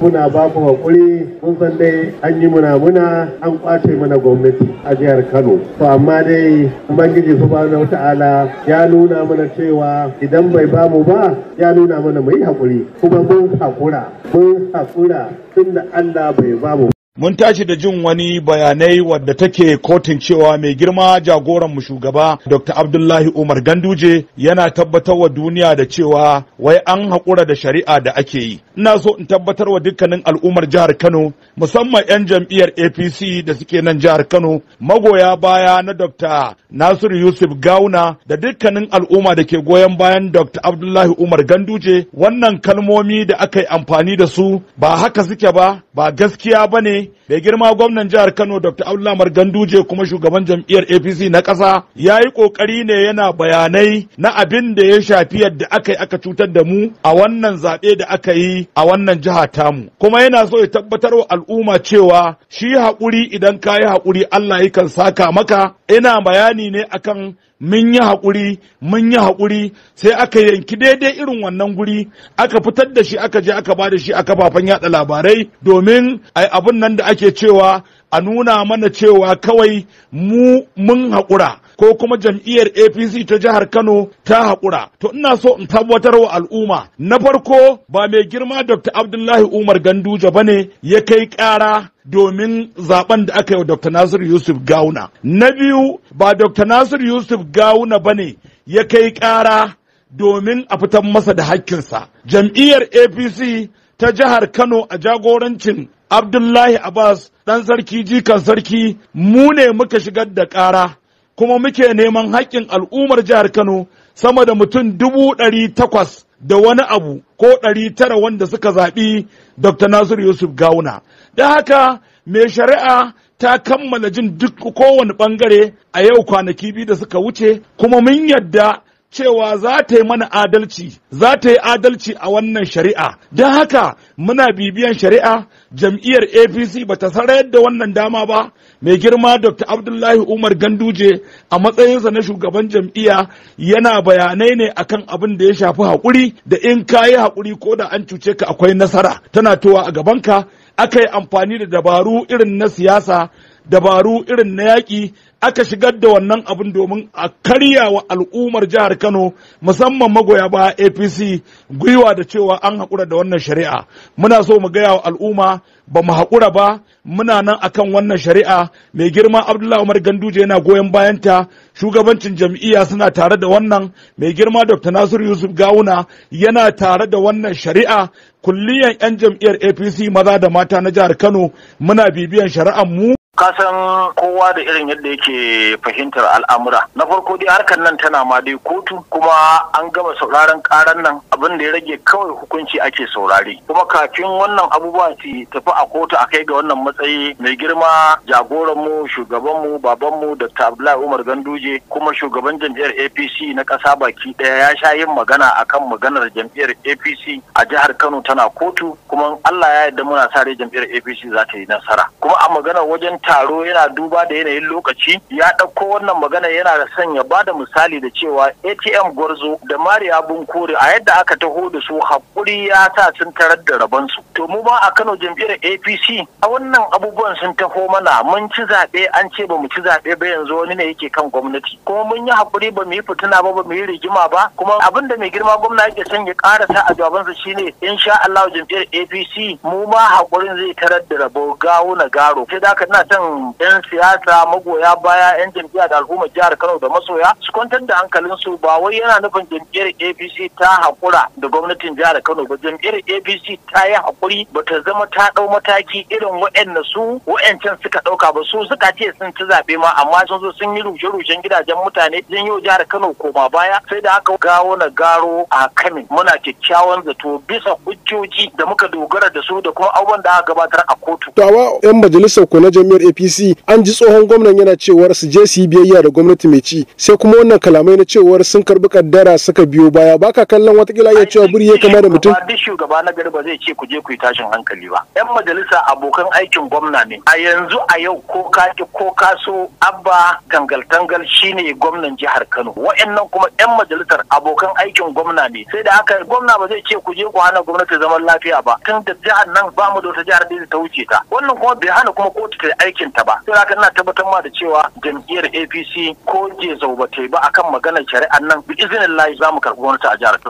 muna ba ku hakuri mun san dai an yi muna muna an kwace mana gwamnati a jihar Kano to amma dai ubangiji subhanahu ta'ala ya nuna mana cewa idan bai ba mu ba ya nuna mana mu yi hakuri kuma mun hakura mun hakura tunda Allah bai ba mu mun tashi da jin wani bayanai wadda take kotun cewa mai girma jagoran mu shugaba dr abdullahi umar ganduje yana tabbatar wa duniya da cewa wai an haƙura da shari'a da ake yi ina so in tabbatar wa dukkanin al'ummar jihar kano musamman 'yan jam'iyyar apc da suke nan jihar kano magoya baya na dr Nasir yusuf gauna da dukkanin al'umma da ke goyon bayan dr abdullahi umar ganduje wannan kalmomi da aka yi amfani da su ba haka suke ba ba gaskiya ba ne da girma gwamnan jihar Kano Dr. Abdullahi Ganduje kuma shugaban jam'iyyar APC na ƙasa ya yi ƙoƙari ne yana bayanai na abin da ya shafi yadda aka yi aka cutar da mu a wannan zaɓe da aka yi a wannan jiha mu. kuma yana so ya tabbatar wa al'umma cewa shi haƙuri idan ka yi haƙuri Allah yakan saka maka ina bayani ne akan mun yi haƙuri mun yi haƙuri sai aka yanki daidai irin wannan guri aka fitar da shi aka je aka ba da shi a kafafen yada labarai domin ai abin nan da ake cewa a nuna mana cewa kawai mu mun haƙura ko kuma jam'iyyar apc ta jihar kano ta haƙura to ina so in tabbatar wa al'umma na farko ba mai girma dr abdullahi umar ganduje bane ya kai ƙara domin zaben da aka yi wa Dr. Nasir Yusuf gauna Na biyu ba Dr. Nasir Yusuf gauna ba ne ya kai ƙara domin a fitar masa da hakkinsa. Jam'iyyar APC ta jihar Kano a jagorancin Abdullahi Abbas ɗan sarki jikan sarki mu ne muka shigar da ƙara kuma muke neman haƙƙin al'ummar jihar Kano sama da mutum dubu ɗari takwas da wani abu ko ɗari tara wanda suka zaɓi dr nasiru yusuf gawuna Da haka mai shari'a ta kammala jin duk kowane ɓangare a yau kwanaki biyu da suka wuce kuma mun yadda cewa za ta yi mana adalci za ta yi adalci a wannan shari'a don haka muna bibiyan shari'a jam'iyyar apc ba ta sarayar da wannan dama ba mai girma dr abdullahi umar ganduje a matsayinsa na shugaban jam'iyya yana bayanai ne akan abin da ya shafi haƙuri da in ka yi haƙuri ko da an cuce ka akwai nasara tana towa a gabanka aka yi amfani da dabaru irin na siyasa dabaru irin na yaƙi aka shigar da wannan abin domin a karya wa al'ummar jihar Kano musamman magoya ba APC gwiwa da cewa an haƙura da wannan shari'a muna so mu gaya wa al'umma ba mu haƙura ba muna nan akan wannan shari'a mai girma Abdullahi Umar Ganduje yana goyon bayanta shugabancin jam'iyya suna tare da wannan mai girma Dr. Nasiru Yusuf Gawuna yana tare da wannan shari'a kulliyan 'yan jam'iyyar APC maza da mata na jihar Kano muna bibiyan shari'ar mu kasan kowa da irin yadda yake fahimtar al'amura na farko dai harkar nan tana ma dai kotu kuma an gama sauraron karan nan abin da ya rage kawai hukunci ake saurare kuma kafin wannan abubuwa su tafi a kotu a kai ga wannan matsayi mai girma jagoranmu shugabanmu babanmu da tabla umar ganduje kuma shugaban jam'iyyar apc na kasa baki ɗaya ya sha yin magana akan maganar jam'iyyar apc a jihar kano tana kotu kuma allah ya yarda muna sa rai jam'iyyar apc za ta yi nasara kuma a maganar wajen taro yana duba da yanayin lokaci ya ɗauko wannan magana yana da sanya ba da misali da cewa atm gwarzo da mariya bunkure a yadda aka taho da su haƙuri ya sa sun tarar da rabansu. To mu ba a Kano jam'iyyar APC a wannan abubuwan sun taho mana mun ci zaɓe an ce ba mu ci zaɓe ba yanzu wani ne yake kan gwamnati. Kuma mun yi haƙuri ba mu yi fituna ba ba mu yi rigima ba kuma abin da mai girma gwamna yake son ya ƙarasa a jawabansa shine insha Allah jam'iyyar APC mu ma haƙurin zai tarar da rabo gawo na garo. Sai da ina son 'yan siyasa magoya baya 'yan jam'iyya da al'ummar jihar Kano da masoya su kwantar da hankalinsu ba wai yana nufin jam'iyyar APC ta haƙura haƙura da gwamnatin jihar Kano ba jam'iyyar APC ta yi hakuri ba ta zama ta ɗau mataki irin waɗanda su waɗancan suka ɗauka ba su suka ce sun ci zaɓe ma amma sun zo sun yi rushe-rushen gidajen mutane sun yi jihar Kano koma baya sai da aka gawo na garo a Kano muna kyakkyawan zato bisa hujjoji da muka dogara da su da kuma abubuwan da aka gabatar a kotu. Tawa 'yan majalisar ko na jam'iyyar APC an ji tsohon gwamnan yana cewar su je su yi biyayya da gwamnati mai ci sai kuma wannan kalamai na cewar sun karbi kaddara suka biyo baya baka kallon watakila yana iya buri ya kama da mutum duk shugaba na gari ba zai ce ku je ku yi tashin hankali ba yan majalisa abokan aikin gwamna ne a yanzu a yau ko ka ki ko ka so abba gangal tangal shine gwamnan jihar Kano wa'annan kuma yan majalisar abokan aikin gwamna ne sai da haka gwamna ba zai ce ku je ku hana gwamnati zaman lafiya ba tun da jihar nan ba mu da wata jihar da ta wuce ta wannan kuma bai hana kuma kotu ta aikin ta ba sai haka ina tabbatar ma da cewa jam'iyyar APC ko je zauba ba ta yi ba akan maganar shari'ar nan bi izinin layi za mu karɓi wani ta a jihar